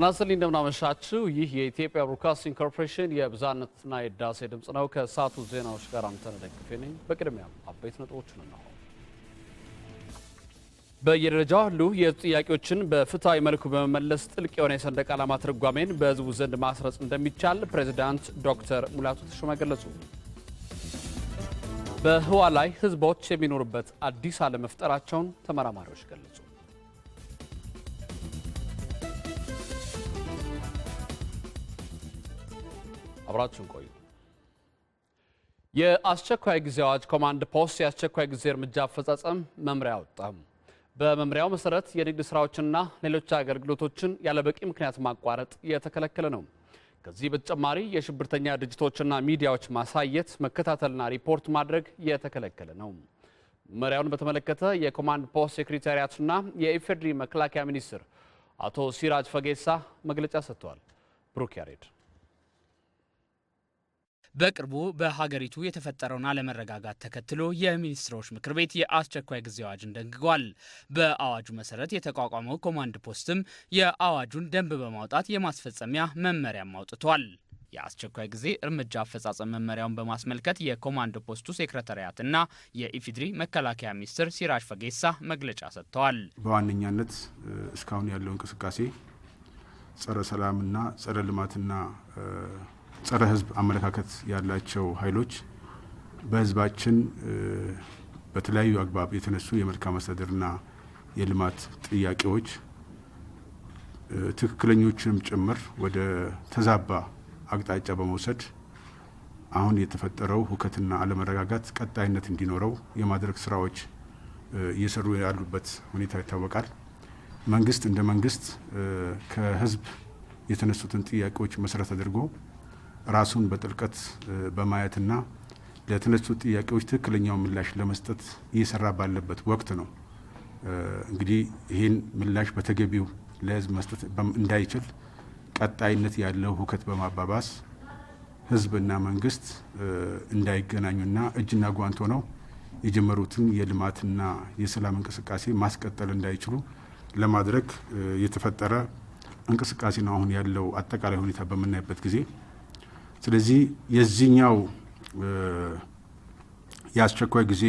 ጤና ይስጥልኝ እንደምናመሻችሁ። ይህ የኢትዮጵያ ብሮድካስቲንግ ኮርፖሬሽን የብዝሃነትና የዳሴ ድምፅ ነው። ከሰዓቱ ዜናዎች ጋር አንተነህ ደግፌ ነኝ። በቅድሚያም አበይት ነጥቦችን እነሆ። በየደረጃው ያሉ የህዝብ ጥያቄዎችን በፍትሐዊ መልኩ በመመለስ ጥልቅ የሆነ የሰንደቅ ዓላማ ትርጓሜን በህዝቡ ዘንድ ማስረጽ እንደሚቻል ፕሬዚዳንት ዶክተር ሙላቱ ተሾመ ገለጹ። በህዋ ላይ ህዝቦች የሚኖሩበት አዲስ አለመፍጠራቸውን ተመራማሪዎች ገለጹ። አብራችሁን ቆዩ። የአስቸኳይ ጊዜ አዋጅ ኮማንድ ፖስት የአስቸኳይ ጊዜ እርምጃ አፈጻጸም መምሪያ አወጣ። በመምሪያው መሰረት የንግድ ስራዎችና ሌሎች አገልግሎቶችን ያለበቂ ምክንያት ማቋረጥ የተከለከለ ነው። ከዚህ በተጨማሪ የሽብርተኛ ድርጅቶችና ሚዲያዎች ማሳየት፣ መከታተልና ሪፖርት ማድረግ የተከለከለ ነው። መመሪያውን በተመለከተ የኮማንድ ፖስት ሴክሬታሪያትና የኢፌድሪ መከላከያ ሚኒስትር አቶ ሲራጅ ፈጌሳ መግለጫ ሰጥተዋል። ብሩክ ያሬድ በቅርቡ በሀገሪቱ የተፈጠረውን አለመረጋጋት ተከትሎ የሚኒስትሮች ምክር ቤት የአስቸኳይ ጊዜ አዋጅን ደንግጓል። በአዋጁ መሰረት የተቋቋመው ኮማንድ ፖስትም የአዋጁን ደንብ በማውጣት የማስፈጸሚያ መመሪያም አውጥቷል። የአስቸኳይ ጊዜ እርምጃ አፈጻጸም መመሪያውን በማስመልከት የኮማንድ ፖስቱ ሴክረታሪያትና የኢፊድሪ መከላከያ ሚኒስትር ሲራጅ ፈጌሳ መግለጫ ሰጥተዋል። በዋነኛነት እስካሁን ያለው እንቅስቃሴ ጸረ ሰላምና ጸረ ልማትና ጸረ ህዝብ አመለካከት ያላቸው ኃይሎች በህዝባችን በተለያዩ አግባብ የተነሱ የመልካም አስተዳደርና የልማት ጥያቄዎች ትክክለኞችንም ጭምር ወደ ተዛባ አቅጣጫ በመውሰድ አሁን የተፈጠረው ሁከትና አለመረጋጋት ቀጣይነት እንዲኖረው የማድረግ ስራዎች እየሰሩ ያሉበት ሁኔታ ይታወቃል። መንግስት እንደ መንግስት ከህዝብ የተነሱትን ጥያቄዎች መሰረት አድርጎ ራሱን በጥልቀት በማየትና ለተነሱ ጥያቄዎች ትክክለኛው ምላሽ ለመስጠት እየሰራ ባለበት ወቅት ነው። እንግዲህ ይህን ምላሽ በተገቢው ለህዝብ መስጠት እንዳይችል ቀጣይነት ያለው ሁከት በማባባስ ህዝብና መንግስት እንዳይገናኙና እጅና ጓንት ሆነው የጀመሩትን የልማትና የሰላም እንቅስቃሴ ማስቀጠል እንዳይችሉ ለማድረግ የተፈጠረ እንቅስቃሴ ነው። አሁን ያለው አጠቃላይ ሁኔታ በምናይበት ጊዜ ስለዚህ የዚህኛው የአስቸኳይ ጊዜ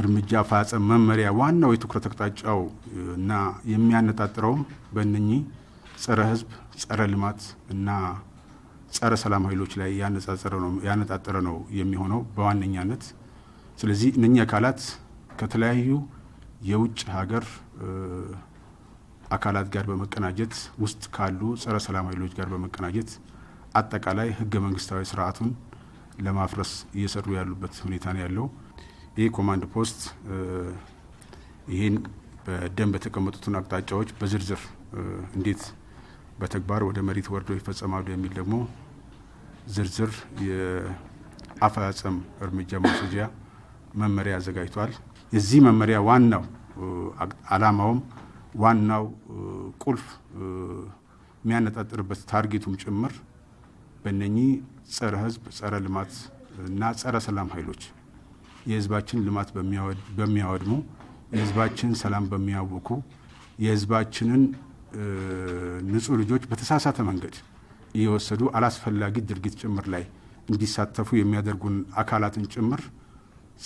እርምጃ አፈጻጸም መመሪያ ዋናው የትኩረት አቅጣጫው እና የሚያነጣጥረውም በእነኚህ ጸረ ህዝብ ጸረ ልማት እና ጸረ ሰላም ኃይሎች ላይ ያነጣጠረ ነው የሚሆነው በዋነኛነት። ስለዚህ እነኚህ አካላት ከተለያዩ የውጭ ሀገር አካላት ጋር በመቀናጀት ውስጥ ካሉ ጸረ ሰላም ኃይሎች ጋር በመቀናጀት አጠቃላይ ህገ መንግስታዊ ስርዓቱን ለማፍረስ እየሰሩ ያሉበት ሁኔታ ነው ያለው። ይህ ኮማንድ ፖስት ይህን በደንብ የተቀመጡትን አቅጣጫዎች በዝርዝር እንዴት በተግባር ወደ መሬት ወርዶ ይፈጸማሉ የሚል ደግሞ ዝርዝር የአፈጻጸም እርምጃ ማስወጃ መመሪያ አዘጋጅቷል። የዚህ መመሪያ ዋናው አላማውም ዋናው ቁልፍ የሚያነጣጥርበት ታርጌቱም ጭምር በእነኚህ ጸረ ህዝብ፣ ጸረ ልማት እና ጸረ ሰላም ኃይሎች የህዝባችን ልማት በሚያወድሙ የህዝባችን ሰላም በሚያውኩ የህዝባችንን ንጹህ ልጆች በተሳሳተ መንገድ እየወሰዱ አላስፈላጊ ድርጊት ጭምር ላይ እንዲሳተፉ የሚያደርጉን አካላትን ጭምር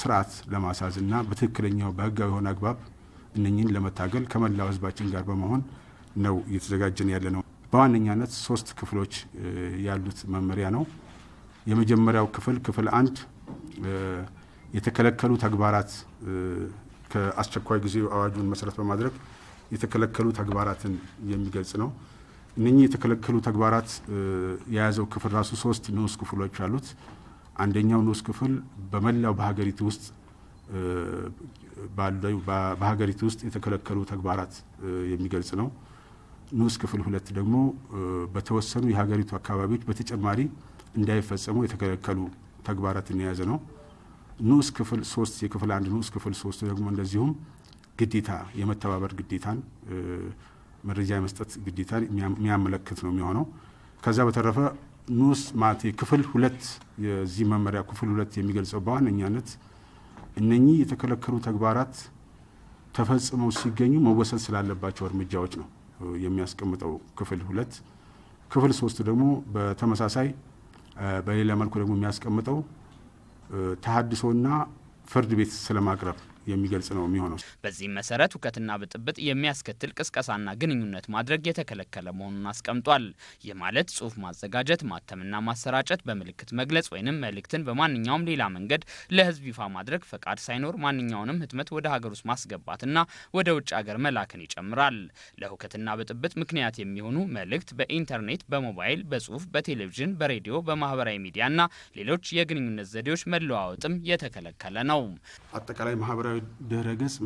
ስርዓት ለማሳዝ በትክክለኛው በህጋዊ የሆነ አግባብ እነኝን ለመታገል ከመላው ህዝባችን ጋር በመሆን ነው እየተዘጋጀን ያለ ነው። በዋነኛነት ሶስት ክፍሎች ያሉት መመሪያ ነው። የመጀመሪያው ክፍል ክፍል አንድ የተከለከሉ ተግባራት ከአስቸኳይ ጊዜ አዋጁን መሰረት በማድረግ የተከለከሉ ተግባራትን የሚገልጽ ነው። እነኚህ የተከለከሉ ተግባራት የያዘው ክፍል ራሱ ሶስት ንዑስ ክፍሎች አሉት። አንደኛው ንዑስ ክፍል በመላው በሀገሪቱ ውስጥ ባለው በሀገሪቱ ውስጥ የተከለከሉ ተግባራት የሚገልጽ ነው። ንዑስ ክፍል ሁለት ደግሞ በተወሰኑ የሀገሪቱ አካባቢዎች በተጨማሪ እንዳይፈጸሙ የተከለከሉ ተግባራትን የያዘ ነው። ንዑስ ክፍል ሶስት የክፍል አንድ ንዑስ ክፍል ሶስት ደግሞ እንደዚሁም ግዴታ የመተባበር ግዴታን መረጃ የመስጠት ግዴታን የሚያመለክት ነው የሚሆነው። ከዛ በተረፈ ንዑስ ማለት ክፍል ሁለት የዚህ መመሪያ ክፍል ሁለት የሚገልጸው በዋነኛነት እነኚህ የተከለከሉ ተግባራት ተፈጽመው ሲገኙ መወሰድ ስላለባቸው እርምጃዎች ነው። የሚያስቀምጠው ክፍል ሁለት ክፍል ሶስት ደግሞ በተመሳሳይ በሌላ መልኩ ደግሞ የሚያስቀምጠው ተሀድሶና ፍርድ ቤት ስለማቅረብ የሚገልጽ ነው የሚሆነው። በዚህም መሰረት ሁከትና ብጥብጥ የሚያስከትል ቅስቀሳና ግንኙነት ማድረግ የተከለከለ መሆኑን አስቀምጧል። ይህ ማለት ጽሁፍ ማዘጋጀት፣ ማተምና ማሰራጨት፣ በምልክት መግለጽ ወይንም መልእክትን በማንኛውም ሌላ መንገድ ለህዝብ ይፋ ማድረግ፣ ፈቃድ ሳይኖር ማንኛውንም ህትመት ወደ ሀገር ውስጥ ማስገባትና ወደ ውጭ ሀገር መላክን ይጨምራል። ለሁከትና ብጥብጥ ምክንያት የሚሆኑ መልእክት በኢንተርኔት፣ በሞባይል፣ በጽሁፍ፣ በቴሌቪዥን፣ በሬዲዮ፣ በማህበራዊ ሚዲያና ሌሎች የግንኙነት ዘዴዎች መለዋወጥም የተከለከለ ነው። አጠቃላይ ማህበራዊ ማህበራዊ ገጽ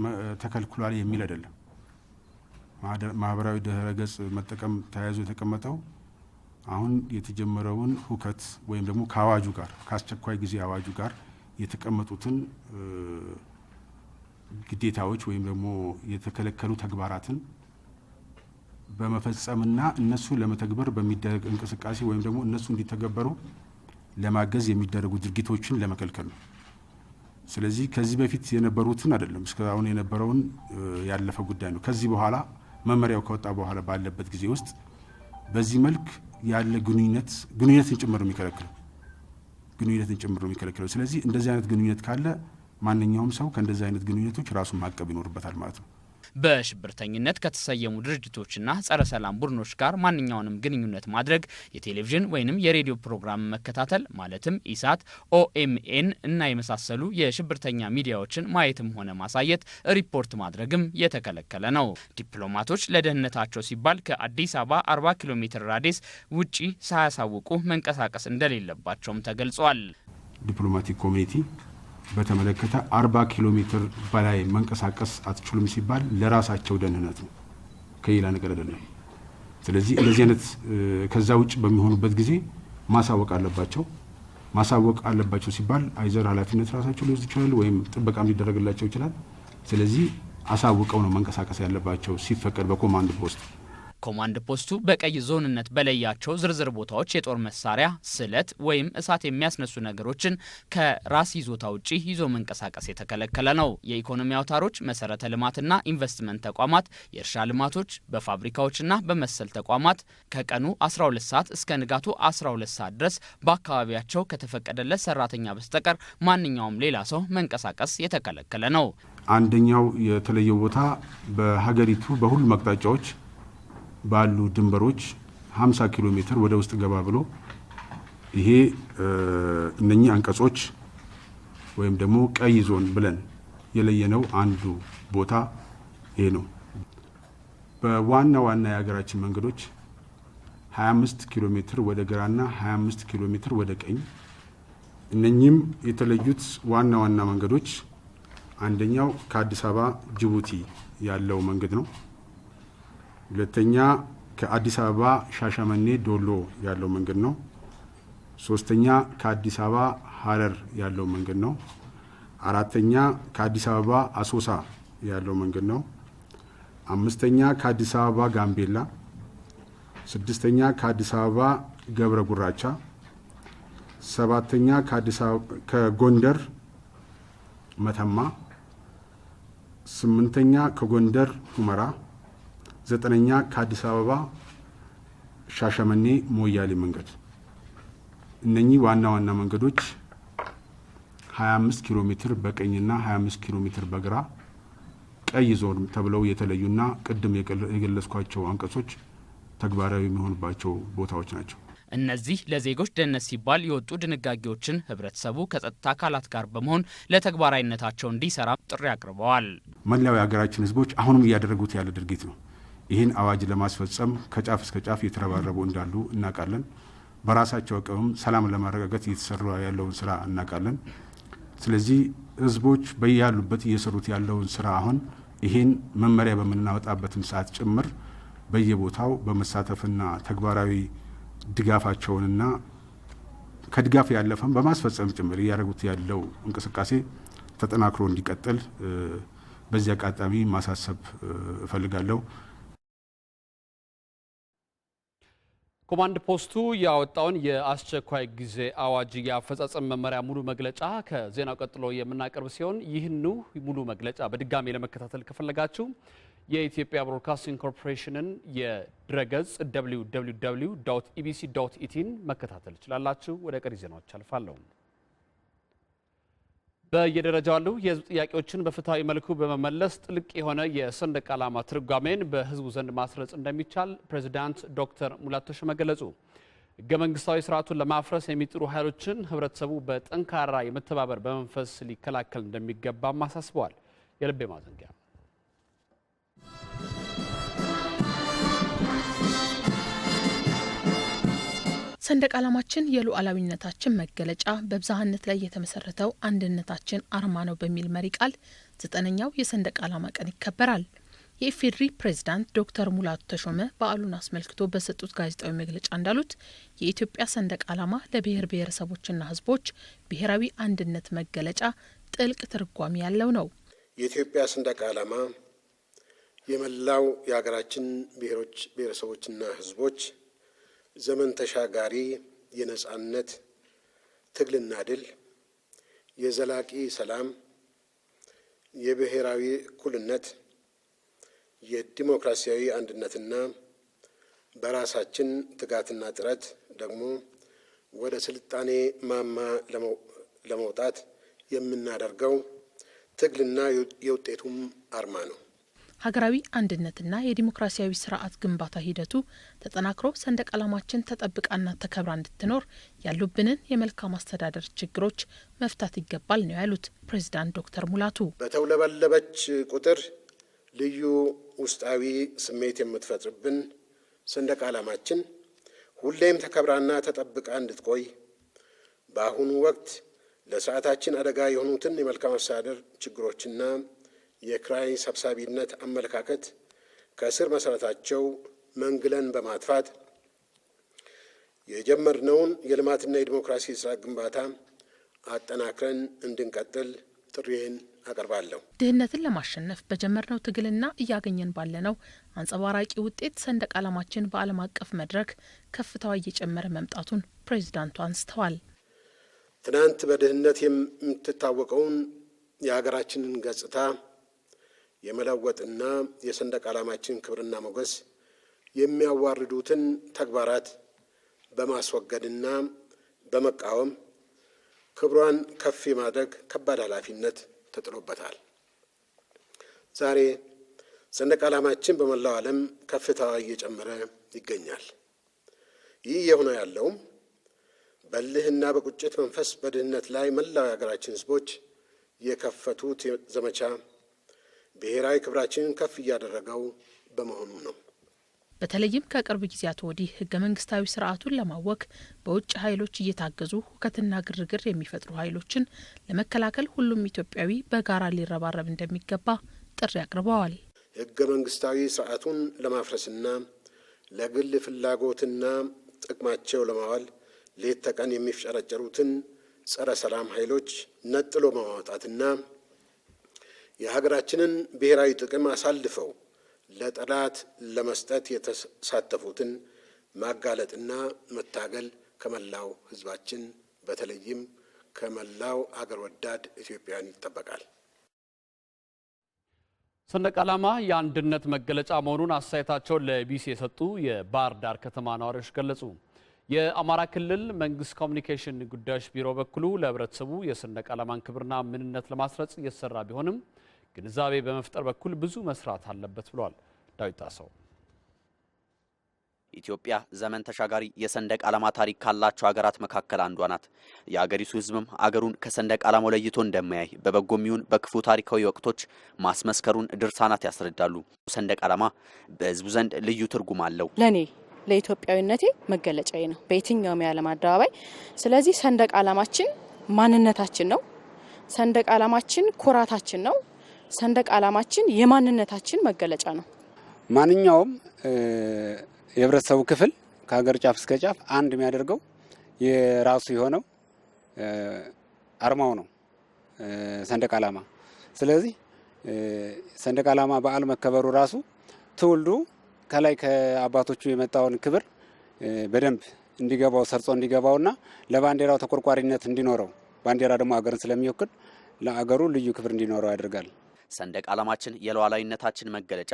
ተከልክሏል የሚል አይደለም። ማህበራዊ ገጽ መጠቀም ተያይዞ የተቀመጠው አሁን የተጀመረውን ሁከት ወይም ደግሞ ከአዋጁ ጋር ከአስቸኳይ ጊዜ አዋጁ ጋር የተቀመጡትን ግዴታዎች ወይም ደግሞ የተከለከሉ ተግባራትን በመፈጸምና እነሱ ለመተግበር በሚደረግ እንቅስቃሴ ወይም ደግሞ እነሱ እንዲተገበሩ ለማገዝ የሚደረጉ ድርጊቶችን ለመከልከል ነው። ስለዚህ ከዚህ በፊት የነበሩትን አይደለም እስካሁን የነበረውን ያለፈ ጉዳይ ነው። ከዚህ በኋላ መመሪያው ከወጣ በኋላ ባለበት ጊዜ ውስጥ በዚህ መልክ ያለ ግንኙነት ግንኙነትን ጭምር ነው የሚከለክለው ግንኙነትን ጭምር ነው የሚከለክለው። ስለዚህ እንደዚህ አይነት ግንኙነት ካለ ማንኛውም ሰው ከእንደዚህ አይነት ግንኙነቶች ራሱን ማቀብ ይኖርበታል ማለት ነው። በሽብርተኝነት ከተሰየሙ ድርጅቶችና ጸረ ሰላም ቡድኖች ጋር ማንኛውንም ግንኙነት ማድረግ፣ የቴሌቪዥን ወይንም የሬዲዮ ፕሮግራም መከታተል ማለትም ኢሳት፣ ኦኤምኤን እና የመሳሰሉ የሽብርተኛ ሚዲያዎችን ማየትም ሆነ ማሳየት፣ ሪፖርት ማድረግም የተከለከለ ነው። ዲፕሎማቶች ለደህንነታቸው ሲባል ከአዲስ አበባ 40 ኪሎ ሜትር ራዲየስ ውጪ ሳያሳውቁ መንቀሳቀስ እንደሌለባቸውም ተገልጿል። ዲፕሎማቲክ ኮሚኒቲ በተመለከተ 40 ኪሎ ሜትር በላይ መንቀሳቀስ አትችሉም ሲባል ለራሳቸው ደህንነት ነው፣ ከሌላ ነገር አይደለም። ስለዚህ እንደዚህ አይነት ከዛ ውጭ በሚሆኑበት ጊዜ ማሳወቅ አለባቸው። ማሳወቅ አለባቸው ሲባል አይዘር ኃላፊነት ራሳቸው ሊወስድ ይችላል፣ ወይም ጥበቃም ሊደረግላቸው ይችላል። ስለዚህ አሳውቀው ነው መንቀሳቀስ ያለባቸው ሲፈቀድ በኮማንድ ፖስት ኮማንድ ፖስቱ በቀይ ዞንነት በለያቸው ዝርዝር ቦታዎች የጦር መሳሪያ፣ ስለት ወይም እሳት የሚያስነሱ ነገሮችን ከራስ ይዞታ ውጪ ይዞ መንቀሳቀስ የተከለከለ ነው። የኢኮኖሚ አውታሮች፣ መሰረተ ልማትና ኢንቨስትመንት ተቋማት፣ የእርሻ ልማቶች፣ በፋብሪካዎችና በመሰል ተቋማት ከቀኑ 12 ሰዓት እስከ ንጋቱ 12 ሰዓት ድረስ በአካባቢያቸው ከተፈቀደለት ሰራተኛ በስተቀር ማንኛውም ሌላ ሰው መንቀሳቀስ የተከለከለ ነው። አንደኛው የተለየው ቦታ በሀገሪቱ በሁሉም አቅጣጫዎች ባሉ ድንበሮች 50 ኪሎ ሜትር ወደ ውስጥ ገባ ብሎ ይሄ እነኚህ አንቀጾች ወይም ደግሞ ቀይ ዞን ብለን የለየነው አንዱ ቦታ ይሄ ነው። በዋና ዋና የሀገራችን መንገዶች 25 ኪሎ ሜትር ወደ ግራና 25 ኪሎ ሜትር ወደ ቀኝ። እነኚህም የተለዩት ዋና ዋና መንገዶች አንደኛው ከአዲስ አበባ ጅቡቲ ያለው መንገድ ነው። ሁለተኛ ከአዲስ አበባ ሻሸመኔ ዶሎ ያለው መንገድ ነው። ሶስተኛ ከአዲስ አበባ ሀረር ያለው መንገድ ነው። አራተኛ ከአዲስ አበባ አሶሳ ያለው መንገድ ነው። አምስተኛ ከአዲስ አበባ ጋምቤላ፣ ስድስተኛ ከአዲስ አበባ ገብረ ጉራቻ፣ ሰባተኛ ከጎንደር መተማ፣ ስምንተኛ ከጎንደር ሁመራ ዘጠነኛ ከአዲስ አበባ ሻሸመኔ ሞያሌ መንገድ። እነኚህ ዋና ዋና መንገዶች 25 ኪሎ ሜትር በቀኝና 25 ኪሎ ሜትር በግራ ቀይ ዞን ተብለው የተለዩና ቅድም የገለጽኳቸው አንቀጾች ተግባራዊ የሚሆንባቸው ቦታዎች ናቸው። እነዚህ ለዜጎች ደህንነት ሲባል የወጡ ድንጋጌዎችን ህብረተሰቡ ከጸጥታ አካላት ጋር በመሆን ለተግባራዊነታቸው እንዲሰራ ጥሪ አቅርበዋል። መላው የሀገራችን ህዝቦች አሁንም እያደረጉት ያለ ድርጊት ነው። ይህን አዋጅ ለማስፈጸም ከጫፍ እስከ ጫፍ እየተረባረቡ እንዳሉ እናውቃለን። በራሳቸው አቅምም ሰላም ለማረጋገጥ እየተሰሩ ያለውን ስራ እናውቃለን። ስለዚህ ህዝቦች በያሉበት እየሰሩት ያለውን ስራ አሁን ይህን መመሪያ በምናወጣበትም ሰዓት ጭምር በየቦታው በመሳተፍና ተግባራዊ ድጋፋቸውንና ከድጋፍ ያለፈም በማስፈጸም ጭምር እያደረጉት ያለው እንቅስቃሴ ተጠናክሮ እንዲቀጥል በዚህ አጋጣሚ ማሳሰብ እፈልጋለሁ። ኮማንድ ፖስቱ ያወጣውን የአስቸኳይ ጊዜ አዋጅ የአፈጻጸም መመሪያ ሙሉ መግለጫ ከዜናው ቀጥሎ የምናቀርብ ሲሆን ይህኑ ሙሉ መግለጫ በድጋሚ ለመከታተል ከፈለጋችሁ የኢትዮጵያ ብሮድካስቲንግ ኮርፖሬሽንን የድረገጽ ኢቢሲ ኢቲን e e መከታተል ትችላላችሁ። ወደ ቀሪ ዜናዎች አልፋለሁ። በየደረጃው ያሉ የህዝብ ጥያቄዎችን በፍትሐዊ መልኩ በመመለስ ጥልቅ የሆነ የሰንደቅ ዓላማ ትርጓሜን በህዝቡ ዘንድ ማስረጽ እንደሚቻል ፕሬዚዳንት ዶክተር ሙላቱ ተሾመ ገለጹ። ህገ መንግስታዊ ስርዓቱን ለማፍረስ የሚጥሩ ኃይሎችን ህብረተሰቡ በጠንካራ የመተባበር በመንፈስ ሊከላከል እንደሚገባም አሳስበዋል። የልቤ ማዘንጊያ ሰንደቅ ዓላማችን የሉዓላዊነታችን መገለጫ በብዝሃነት ላይ የተመሰረተው አንድነታችን አርማ ነው በሚል መሪ ቃል ዘጠነኛው የሰንደቅ ዓላማ ቀን ይከበራል። የኢፌዴሪ ፕሬዝዳንት ዶክተር ሙላቱ ተሾመ በዓሉን አስመልክቶ በሰጡት ጋዜጣዊ መግለጫ እንዳሉት የኢትዮጵያ ሰንደቅ ዓላማ ለብሔር ብሔረሰቦችና ሕዝቦች ብሔራዊ አንድነት መገለጫ ጥልቅ ትርጓሜ ያለው ነው። የኢትዮጵያ ሰንደቅ ዓላማ የመላው የሀገራችን ብሔሮች ብሔረሰቦችና ሕዝቦች ዘመን ተሻጋሪ የነጻነት ትግልና ድል፣ የዘላቂ ሰላም፣ የብሔራዊ እኩልነት፣ የዲሞክራሲያዊ አንድነትና በራሳችን ትጋትና ጥረት ደግሞ ወደ ስልጣኔ ማማ ለመውጣት የምናደርገው ትግልና የውጤቱም አርማ ነው። ሀገራዊ አንድነትና የዲሞክራሲያዊ ስርዓት ግንባታ ሂደቱ ተጠናክሮ ሰንደቅ ዓላማችን ተጠብቃና ተከብራ እንድትኖር ያሉብንን የመልካም አስተዳደር ችግሮች መፍታት ይገባል ነው ያሉት ፕሬዚዳንት ዶክተር ሙላቱ። በተውለበለበች ቁጥር ልዩ ውስጣዊ ስሜት የምትፈጥርብን ሰንደቅ ዓላማችን ሁሌም ተከብራና ተጠብቃ እንድትቆይ በአሁኑ ወቅት ለሰዓታችን አደጋ የሆኑትን የመልካም አስተዳደር ችግሮችና የክራይ ሰብሳቢነት አመለካከት ከስር መሰረታቸው መንግለን በማጥፋት የጀመርነውን የልማትና የዲሞክራሲ ስርዓት ግንባታ አጠናክረን እንድንቀጥል ጥሪዬን አቀርባለሁ። ድህነትን ለማሸነፍ በጀመርነው ትግልና እያገኘን ባለነው አንጸባራቂ ውጤት ሰንደቅ ዓላማችን በዓለም አቀፍ መድረክ ከፍታዋ እየጨመረ መምጣቱን ፕሬዚዳንቱ አንስተዋል። ትናንት በድህነት የምትታወቀውን የሀገራችንን ገጽታ የመለወጥና የሰንደቅ ዓላማችን ክብርና ሞገስ የሚያዋርዱትን ተግባራት በማስወገድና በመቃወም ክብሯን ከፍ የማድረግ ከባድ ኃላፊነት ተጥሎበታል። ዛሬ ሰንደቅ ዓላማችን በመላው ዓለም ከፍታዋ እየጨመረ ይገኛል። ይህ እየሆነ ያለውም በልህና በቁጭት መንፈስ በድህነት ላይ መላው የሀገራችን ህዝቦች የከፈቱት ዘመቻ ብሔራዊ ክብራችንን ከፍ እያደረገው በመሆኑ ነው። በተለይም ከቅርብ ጊዜያት ወዲህ ህገ መንግስታዊ ስርዓቱን ለማወክ በውጭ ኃይሎች እየታገዙ ሁከትና ግርግር የሚፈጥሩ ኃይሎችን ለመከላከል ሁሉም ኢትዮጵያዊ በጋራ ሊረባረብ እንደሚገባ ጥሪ አቅርበዋል። ህገ መንግስታዊ ስርዓቱን ለማፍረስና ለግል ፍላጎትና ጥቅማቸው ለማዋል ሌት ተቀን የሚፍጨረጨሩትን ጸረ ሰላም ኃይሎች ነጥሎ ማውጣትና የሀገራችንን ብሔራዊ ጥቅም አሳልፈው ለጠላት ለመስጠት የተሳተፉትን ማጋለጥና መታገል ከመላው ሕዝባችን በተለይም ከመላው አገር ወዳድ ኢትዮጵያን ይጠበቃል። ሰንደቅ ዓላማ የአንድነት መገለጫ መሆኑን አስተያየታቸውን ለቢሲ የሰጡ የባህር ዳር ከተማ ነዋሪዎች ገለጹ። የአማራ ክልል መንግስት ኮሚኒኬሽን ጉዳዮች ቢሮ በኩሉ ለህብረተሰቡ የሰንደቅ ዓላማን ክብርና ምንነት ለማስረጽ እየተሰራ ቢሆንም ግንዛቤ በመፍጠር በኩል ብዙ መስራት አለበት ብሏል። ዳዊት ጣሰው ኢትዮጵያ ዘመን ተሻጋሪ የሰንደቅ ዓላማ ታሪክ ካላቸው ሀገራት መካከል አንዷ ናት። የአገሪቱ ህዝብም አገሩን ከሰንደቅ ዓላማው ለይቶ እንደማያይ በበጎ የሚሆን በክፉ ታሪካዊ ወቅቶች ማስመስከሩን ድርሳናት ያስረዳሉ። ሰንደቅ ዓላማ በህዝቡ ዘንድ ልዩ ትርጉም አለው። ለእኔ ለኢትዮጵያዊነቴ መገለጫዬ ነው በየትኛውም የዓለም አደባባይ። ስለዚህ ሰንደቅ ዓላማችን ማንነታችን ነው። ሰንደቅ ዓላማችን ኩራታችን ነው። ሰንደቅ ዓላማችን የማንነታችን መገለጫ ነው። ማንኛውም የህብረተሰቡ ክፍል ከሀገር ጫፍ እስከ ጫፍ አንድ የሚያደርገው የራሱ የሆነው አርማው ነው ሰንደቅ ዓላማ። ስለዚህ ሰንደቅ ዓላማ በዓል መከበሩ ራሱ ትውልዱ ከላይ ከአባቶቹ የመጣውን ክብር በደንብ እንዲገባው ሰርጾ እንዲገባውና ለባንዲራው ተቆርቋሪነት እንዲኖረው ባንዲራ ደግሞ ሀገርን ስለሚወክል ለአገሩ ልዩ ክብር እንዲኖረው ያደርጋል። ሰንደቅ ዓላማችን የሉዓላዊነታችን መገለጫ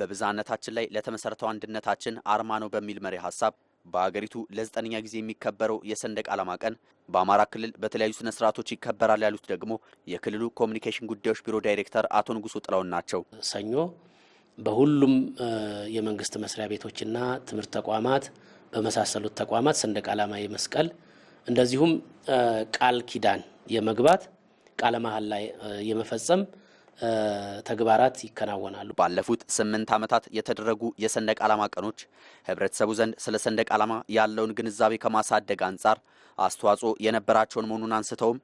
በብዝሃነታችን ላይ ለተመሰረተው አንድነታችን አርማ ነው በሚል መሪ ሀሳብ በአገሪቱ ለዘጠነኛ ጊዜ የሚከበረው የሰንደቅ ዓላማ ቀን በአማራ ክልል በተለያዩ ስነ ስርዓቶች ይከበራል ያሉት ደግሞ የክልሉ ኮሚኒኬሽን ጉዳዮች ቢሮ ዳይሬክተር አቶ ንጉሱ ጥላውን ናቸው። ሰኞ በሁሉም የመንግስት መስሪያ ቤቶችና ትምህርት ተቋማት በመሳሰሉት ተቋማት ሰንደቅ ዓላማ የመስቀል እንደዚሁም ቃል ኪዳን የመግባት ቃለ መሀላ ላይ የመፈጸም ተግባራት ይከናወናሉ። ባለፉት ስምንት ዓመታት የተደረጉ የሰንደቅ ዓላማ ቀኖች ህብረተሰቡ ዘንድ ስለ ሰንደቅ ዓላማ ያለውን ግንዛቤ ከማሳደግ አንጻር አስተዋጽኦ የነበራቸውን መሆኑን አንስተውም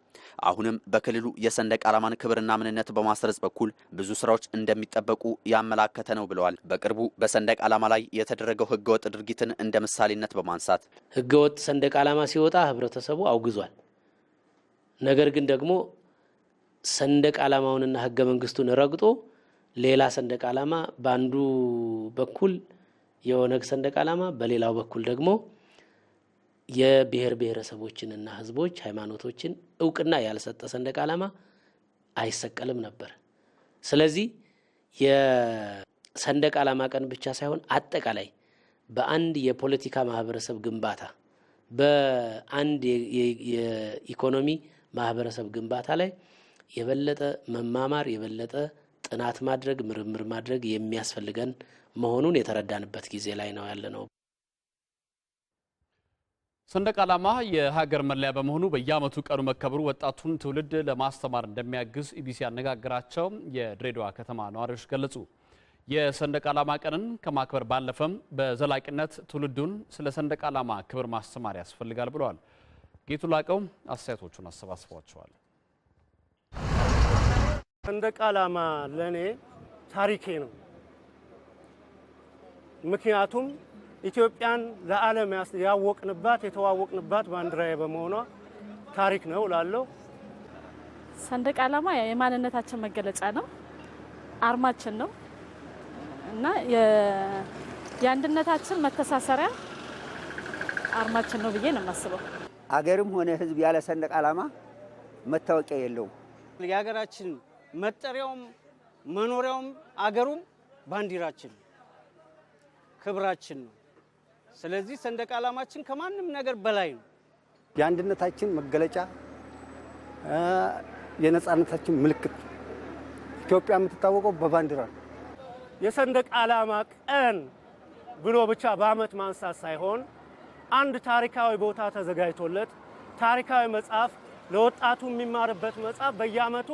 አሁንም በክልሉ የሰንደቅ ዓላማን ክብርና ምንነት በማስረጽ በኩል ብዙ ስራዎች እንደሚጠበቁ ያመላከተ ነው ብለዋል። በቅርቡ በሰንደቅ ዓላማ ላይ የተደረገው ህገወጥ ድርጊትን እንደ ምሳሌነት በማንሳት ህገወጥ ሰንደቅ ዓላማ ሲወጣ ህብረተሰቡ አውግዟል። ነገር ግን ደግሞ ሰንደቅ ዓላማውንና ህገ መንግስቱን ረግጦ ሌላ ሰንደቅ ዓላማ በአንዱ በኩል የኦነግ ሰንደቅ ዓላማ በሌላው በኩል ደግሞ የብሔር ብሔረሰቦችንና ህዝቦች ሃይማኖቶችን እውቅና ያልሰጠ ሰንደቅ ዓላማ አይሰቀልም ነበር። ስለዚህ የሰንደቅ ዓላማ ቀን ብቻ ሳይሆን አጠቃላይ በአንድ የፖለቲካ ማህበረሰብ ግንባታ፣ በአንድ የኢኮኖሚ ማህበረሰብ ግንባታ ላይ የበለጠ መማማር የበለጠ ጥናት ማድረግ ምርምር ማድረግ የሚያስፈልገን መሆኑን የተረዳንበት ጊዜ ላይ ነው ያለ ነው። ሰንደቅ ዓላማ የሀገር መለያ በመሆኑ በየዓመቱ ቀኑ መከበሩ ወጣቱን ትውልድ ለማስተማር እንደሚያግዝ ኢቢሲ ያነጋግራቸው የድሬዳዋ ከተማ ነዋሪዎች ገለጹ። የሰንደቅ ዓላማ ቀንን ከማክበር ባለፈም በዘላቂነት ትውልዱን ስለ ሰንደቅ ዓላማ ክብር ማስተማር ያስፈልጋል ብለዋል። ጌቱ ላቀው አስተያየቶቹን አሰባስቧቸዋል። ሰንደቅ ዓላማ ለእኔ ታሪኬ ነው። ምክንያቱም ኢትዮጵያን ለዓለም ያወቅንባት የተዋወቅንባት ባንዲራዬ በመሆኗ ታሪክ ነው እላለሁ። ሰንደቅ ዓላማ የማንነታችን መገለጫ ነው፣ አርማችን ነው እና የአንድነታችን መተሳሰሪያ አርማችን ነው ብዬ ነው የማስበው። አገርም ሆነ ሕዝብ ያለ ሰንደቅ ዓላማ መታወቂያ የለውም። የሀገራችን መጠሪያውም መኖሪያውም አገሩም ባንዲራችን ነው፣ ክብራችን ነው። ስለዚህ ሰንደቅ ዓላማችን ከማንም ነገር በላይ ነው። የአንድነታችን መገለጫ የነፃነታችን ምልክት ኢትዮጵያ የምትታወቀው በባንዲራ ነው። የሰንደቅ ዓላማ ቀን ብሎ ብቻ በዓመት ማንሳት ሳይሆን አንድ ታሪካዊ ቦታ ተዘጋጅቶለት ታሪካዊ መጽሐፍ ለወጣቱ የሚማርበት መጽሐፍ በየዓመቱ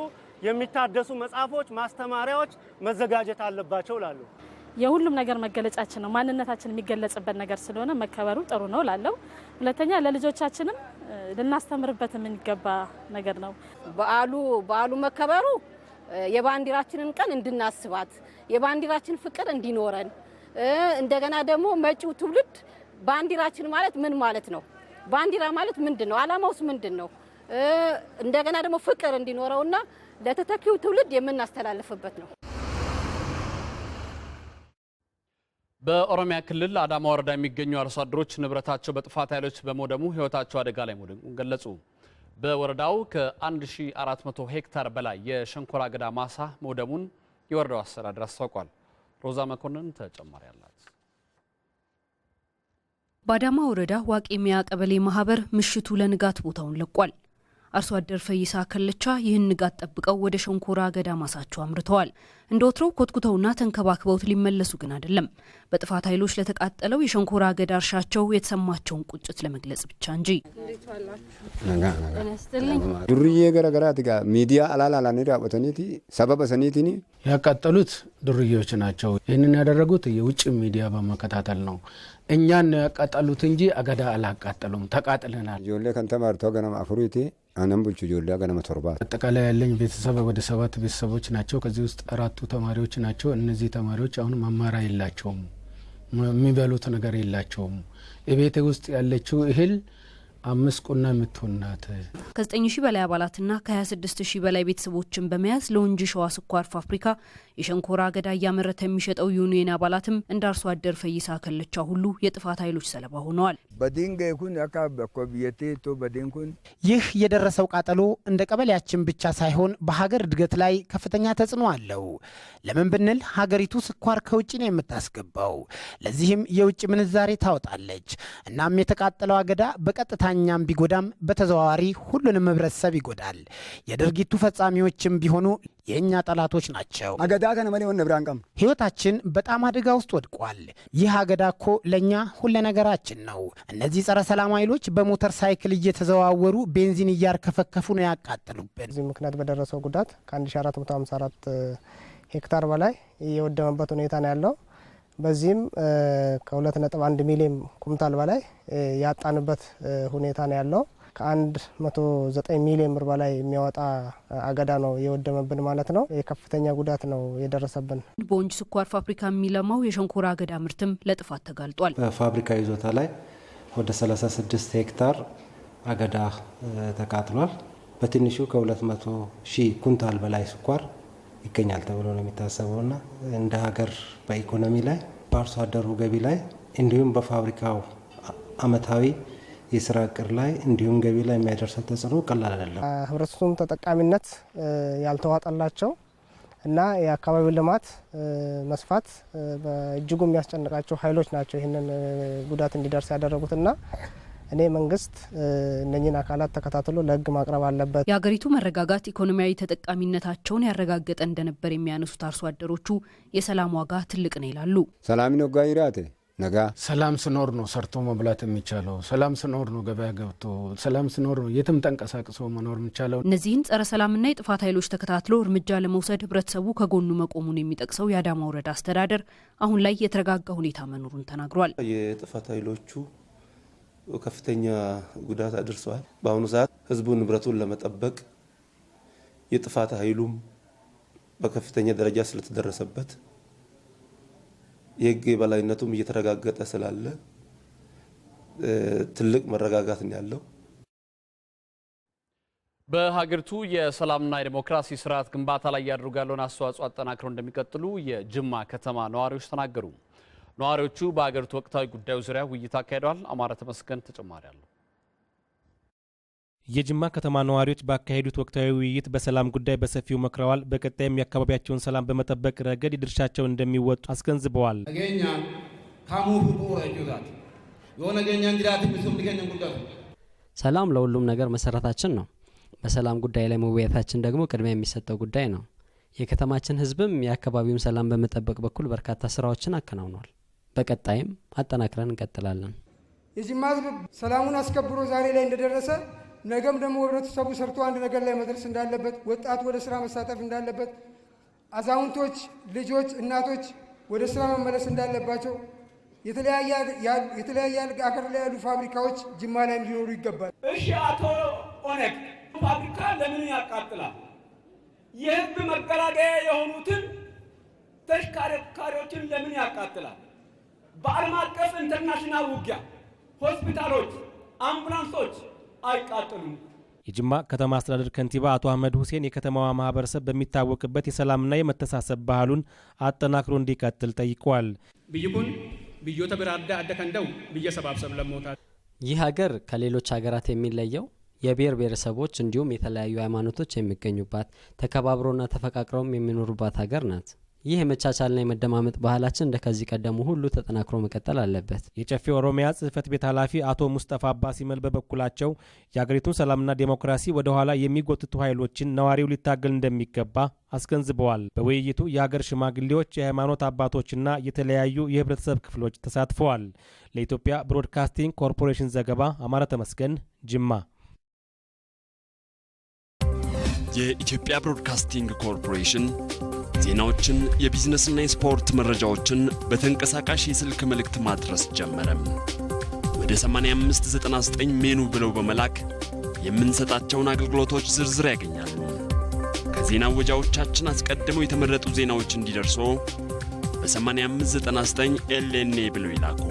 የሚታደሱ መጽሐፎች፣ ማስተማሪያዎች መዘጋጀት አለባቸው ላሉ የሁሉም ነገር መገለጫችን ነው። ማንነታችን የሚገለጽበት ነገር ስለሆነ መከበሩ ጥሩ ነው ላለው። ሁለተኛ ለልጆቻችንም ልናስተምርበት የምንገባ ነገር ነው። በዓሉ በዓሉ መከበሩ የባንዲራችንን ቀን እንድናስባት የባንዲራችን ፍቅር እንዲኖረን እንደገና ደግሞ መጪው ትውልድ ባንዲራችን ማለት ምን ማለት ነው? ባንዲራ ማለት ምንድን ነው? ዓላማውስ ምንድን ነው? እንደገና ደግሞ ፍቅር እንዲኖረውና ለተተኪው ትውልድ የምናስተላልፍበት ነው። በኦሮሚያ ክልል አዳማ ወረዳ የሚገኙ አርሶ አደሮች ንብረታቸው በጥፋት ኃይሎች በመውደሙ ሕይወታቸው አደጋ ላይ መውደሙን ገለጹ። በወረዳው ከ1400 ሄክታር በላይ የሸንኮራ አገዳ ማሳ መውደሙን የወረዳው አስተዳደር አስታውቋል። ሮዛ መኮንን ተጨማሪ አላት። በአዳማ ወረዳ ዋቄሚያ ቀበሌ ማህበር ምሽቱ ለንጋት ቦታውን ለቋል። አርሶ አደር ፈይሳ ከልቻ ይህን ንጋት ጠብቀው ወደ ሸንኮራ አገዳ ማሳቸው አምርተዋል። እንደ ወትሮው ኮትኩተውና ተንከባክበውት ሊመለሱ ግን አይደለም። በጥፋት ኃይሎች ለተቃጠለው የሸንኮራ አገዳ እርሻቸው የተሰማቸውን ቁጭት ለመግለጽ ብቻ እንጂ ዱርዬ ገረገራ ሚዲያ አላላላ ዳቆተኒቲ ሰበበ ሰኒቲኒ ያቃጠሉት ዱርዬዎች ናቸው። ይህንን ያደረጉት የውጭ ሚዲያ በመከታተል ነው። እኛን ነው ያቃጠሉት እንጂ አገዳ አላቃጠሉም። ተቃጥለናል ጆሌ ከንተማርቶ ገነም አፍሩቲ አነም ብልቹ ጆላ ገነመ ቶርባት አጠቃላይ ያለኝ ቤተሰብ ወደ ሰባት ቤተሰቦች ናቸው። ከዚህ ውስጥ አራቱ ተማሪዎች ናቸው። እነዚህ ተማሪዎች አሁን መማሪያ የላቸውም፣ የሚበሉት ነገር የላቸውም። የቤት ውስጥ ያለችው እህል አምስት ቁና የምትሆናት ከዘጠኝ ሺህ በላይ አባላትና ከ26 ሺህ በላይ ቤተሰቦችን በመያዝ ለወንጂ ሸዋ ስኳር ፋብሪካ የሸንኮራ አገዳ እያመረተ የሚሸጠው ዩኒየን አባላትም እንደ አርሶ አደር ፈይሳ ከለቻ ሁሉ የጥፋት ኃይሎች ሰለባ ሆነዋል። ይህ የደረሰው ቃጠሎ እንደ ቀበሌያችን ብቻ ሳይሆን በሀገር እድገት ላይ ከፍተኛ ተጽዕኖ አለው። ለምን ብንል ሀገሪቱ ስኳር ከውጭ ነው የምታስገባው። ለዚህም የውጭ ምንዛሬ ታወጣለች። እናም የተቃጠለው አገዳ በቀጥታኛም ቢጎዳም በተዘዋዋሪ ሁሉንም ህብረተሰብ ይጎዳል። የድርጊቱ ፈጻሚዎችም ቢሆኑ የእኛ ጠላቶች ናቸው። አገዳ ከነ መሌ ሆነ ብራን ሕይወታችን በጣም አደጋ ውስጥ ወድቋል። ይህ አገዳ እኮ ለእኛ ሁለ ነገራችን ነው። እነዚህ ጸረ ሰላም ኃይሎች በሞተር ሳይክል እየተዘዋወሩ ቤንዚን እያርከፈከፉ ነው ያቃጠሉብን። በዚህ ምክንያት በደረሰው ጉዳት ከ1454 ሄክታር በላይ የወደመበት ሁኔታ ነው ያለው። በዚህም ከ2.1 ሚሊዮን ኩምታል በላይ ያጣንበት ሁኔታ ነው ያለው። ከአንድ መቶ ዘጠኝ ሚሊዮን ብር በላይ የሚያወጣ አገዳ ነው የወደመብን ማለት ነው። የከፍተኛ ጉዳት ነው የደረሰብን። ቦንጅ ስኳር ፋብሪካ የሚለማው የሸንኮራ አገዳ ምርትም ለጥፋት ተጋልጧል። በፋብሪካ ይዞታ ላይ ወደ 36 ሄክታር አገዳ ተቃጥሏል። በትንሹ ከ200 ሺህ ኩንታል በላይ ስኳር ይገኛል ተብሎ ነው የሚታሰበው ና እንደ ሀገር በኢኮኖሚ ላይ በአርሶ አደሩ ገቢ ላይ እንዲሁም በፋብሪካው አመታዊ የስራ እቅድ ላይ እንዲሁም ገቢ ላይ የሚያደርሰው ተጽዕኖ ቀላል አይደለም። ህብረተሰቡም ተጠቃሚነት ያልተዋጠላቸው እና የአካባቢው ልማት መስፋት በእጅጉ የሚያስጨንቃቸው ኃይሎች ናቸው ይህንን ጉዳት እንዲደርስ ያደረጉትና እኔ መንግስት እነኝን አካላት ተከታትሎ ለህግ ማቅረብ አለበት። የሀገሪቱ መረጋጋት ኢኮኖሚያዊ ተጠቃሚነታቸውን ያረጋገጠ እንደነበር የሚያነሱት አርሶ አደሮቹ የሰላም ዋጋ ትልቅ ነው ይላሉ። ሰላም ወጋኝ ሪያቴ ነጋ ሰላም ስኖር ነው ሰርቶ መብላት የሚቻለው። ሰላም ስኖር ነው ገበያ ገብቶ፣ ሰላም ስኖር ነው የትም ተንቀሳቅሶ መኖር የሚቻለው። እነዚህን ጸረ ሰላምና የጥፋት ኃይሎች ተከታትሎ እርምጃ ለመውሰድ ህብረተሰቡ ከጎኑ መቆሙን የሚጠቅሰው የአዳማ ወረዳ አስተዳደር አሁን ላይ የተረጋጋ ሁኔታ መኖሩን ተናግሯል። የጥፋት ኃይሎቹ ከፍተኛ ጉዳት አድርሰዋል። በአሁኑ ሰዓት ህዝቡን ንብረቱን ለመጠበቅ የጥፋት ኃይሉም በከፍተኛ ደረጃ ስለተደረሰበት የህግ የበላይነቱም እየተረጋገጠ ስላለ ትልቅ መረጋጋት ነው ያለው። በሀገሪቱ የሰላምና የዴሞክራሲ ስርዓት ግንባታ ላይ እያደረጉ ያለውን አስተዋጽኦ አጠናክረው እንደሚቀጥሉ የጅማ ከተማ ነዋሪዎች ተናገሩ። ነዋሪዎቹ በሀገሪቱ ወቅታዊ ጉዳዩ ዙሪያ ውይይት አካሂደዋል። አማራ ተመስገን ተጨማሪ አለው። የጅማ ከተማ ነዋሪዎች ባካሄዱት ወቅታዊ ውይይት በሰላም ጉዳይ በሰፊው መክረዋል። በቀጣይም የአካባቢያቸውን ሰላም በመጠበቅ ረገድ ድርሻቸው እንደሚወጡ አስገንዝበዋል። ሰላም ለሁሉም ነገር መሰረታችን ነው። በሰላም ጉዳይ ላይ መወያየታችን ደግሞ ቅድሚያ የሚሰጠው ጉዳይ ነው። የከተማችን ሕዝብም የአካባቢውን ሰላም በመጠበቅ በኩል በርካታ ስራዎችን አከናውኗል። በቀጣይም አጠናክረን እንቀጥላለን። የጅማ ሕዝብ ሰላሙን አስከብሮ ዛሬ ላይ እንደደረሰ ነገም ደግሞ ህብረተሰቡ ሰርቶ አንድ ነገር ላይ መድረስ እንዳለበት፣ ወጣት ወደ ስራ መሳተፍ እንዳለበት፣ አዛውንቶች፣ ልጆች፣ እናቶች ወደ ስራ መመለስ እንዳለባቸው የተለያየ አገር ላይ ያሉ ፋብሪካዎች ጅማ ላይ ሊኖሩ ይገባል። እሺ፣ አቶ ኦነግ ፋብሪካ ለምን ያቃጥላል? የህዝብ መገላገያ የሆኑትን ተሽከርካሪዎችን ለምን ያቃጥላል? በዓለም አቀፍ ኢንተርናሽናል ውጊያ ሆስፒታሎች፣ አምቡላንሶች አይቃጠሉም። የጅማ ከተማ አስተዳደር ከንቲባ አቶ አህመድ ሁሴን የከተማዋ ማህበረሰብ በሚታወቅበት የሰላምና የመተሳሰብ ባህሉን አጠናክሮ እንዲቀጥል ጠይቋል። ብይኩን ብዮ ብራዳ አደከንደው ብየሰባብሰብ ለሞታ ይህ ሀገር ከሌሎች ሀገራት የሚለየው የብሔር ብሔረሰቦች እንዲሁም የተለያዩ ሃይማኖቶች የሚገኙባት ተከባብሮና ተፈቃቅረውም የሚኖሩባት ሀገር ናት። ይህ የመቻቻልና የመደማመጥ ባህላችን እንደ ከዚህ ቀደሙ ሁሉ ተጠናክሮ መቀጠል አለበት። የጨፌ ኦሮሚያ ጽህፈት ቤት ኃላፊ አቶ ሙስጠፋ አባ ሲመል በበኩላቸው የአገሪቱን ሰላምና ዴሞክራሲ ወደ ኋላ የሚጎትቱ ኃይሎችን ነዋሪው ሊታገል እንደሚገባ አስገንዝበዋል። በውይይቱ የአገር ሽማግሌዎች፣ የሃይማኖት አባቶችና የተለያዩ የህብረተሰብ ክፍሎች ተሳትፈዋል። ለኢትዮጵያ ብሮድካስቲንግ ኮርፖሬሽን ዘገባ አማረ ተመስገን ጅማ የኢትዮጵያ ብሮድካስቲንግ ኮርፖሬሽን ዜናዎችን፣ የቢዝነስና የስፖርት መረጃዎችን በተንቀሳቃሽ የስልክ መልእክት ማድረስ ጀመረም። ወደ 8599 ሜኑ ብለው በመላክ የምንሰጣቸውን አገልግሎቶች ዝርዝር ያገኛሉ። ከዜና ወጃዎቻችን አስቀድመው የተመረጡ ዜናዎች እንዲደርሶ በ8599 ኤልኤንኤ ብለው ይላኩ።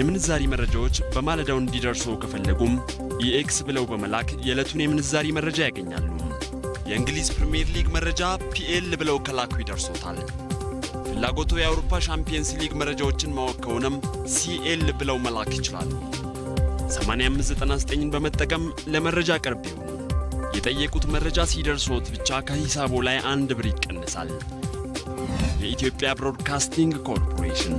የምንዛሪ መረጃዎች በማለዳው እንዲደርሶ ከፈለጉም የኤክስ ብለው በመላክ የዕለቱን የምንዛሪ መረጃ ያገኛሉ። የእንግሊዝ ፕሪምየር ሊግ መረጃ ፒኤል ብለው ከላኩ ይደርሶታል። ፍላጎቱ የአውሮፓ ሻምፒየንስ ሊግ መረጃዎችን ማወቅ ከሆነም ሲኤል ብለው መላክ ይችላሉ። 8599ን በመጠቀም ለመረጃ ቅርብ ይሁኑ። የጠየቁት መረጃ ሲደርሶት ብቻ ከሂሳቡ ላይ አንድ ብር ይቀንሳል። የኢትዮጵያ ብሮድካስቲንግ ኮርፖሬሽን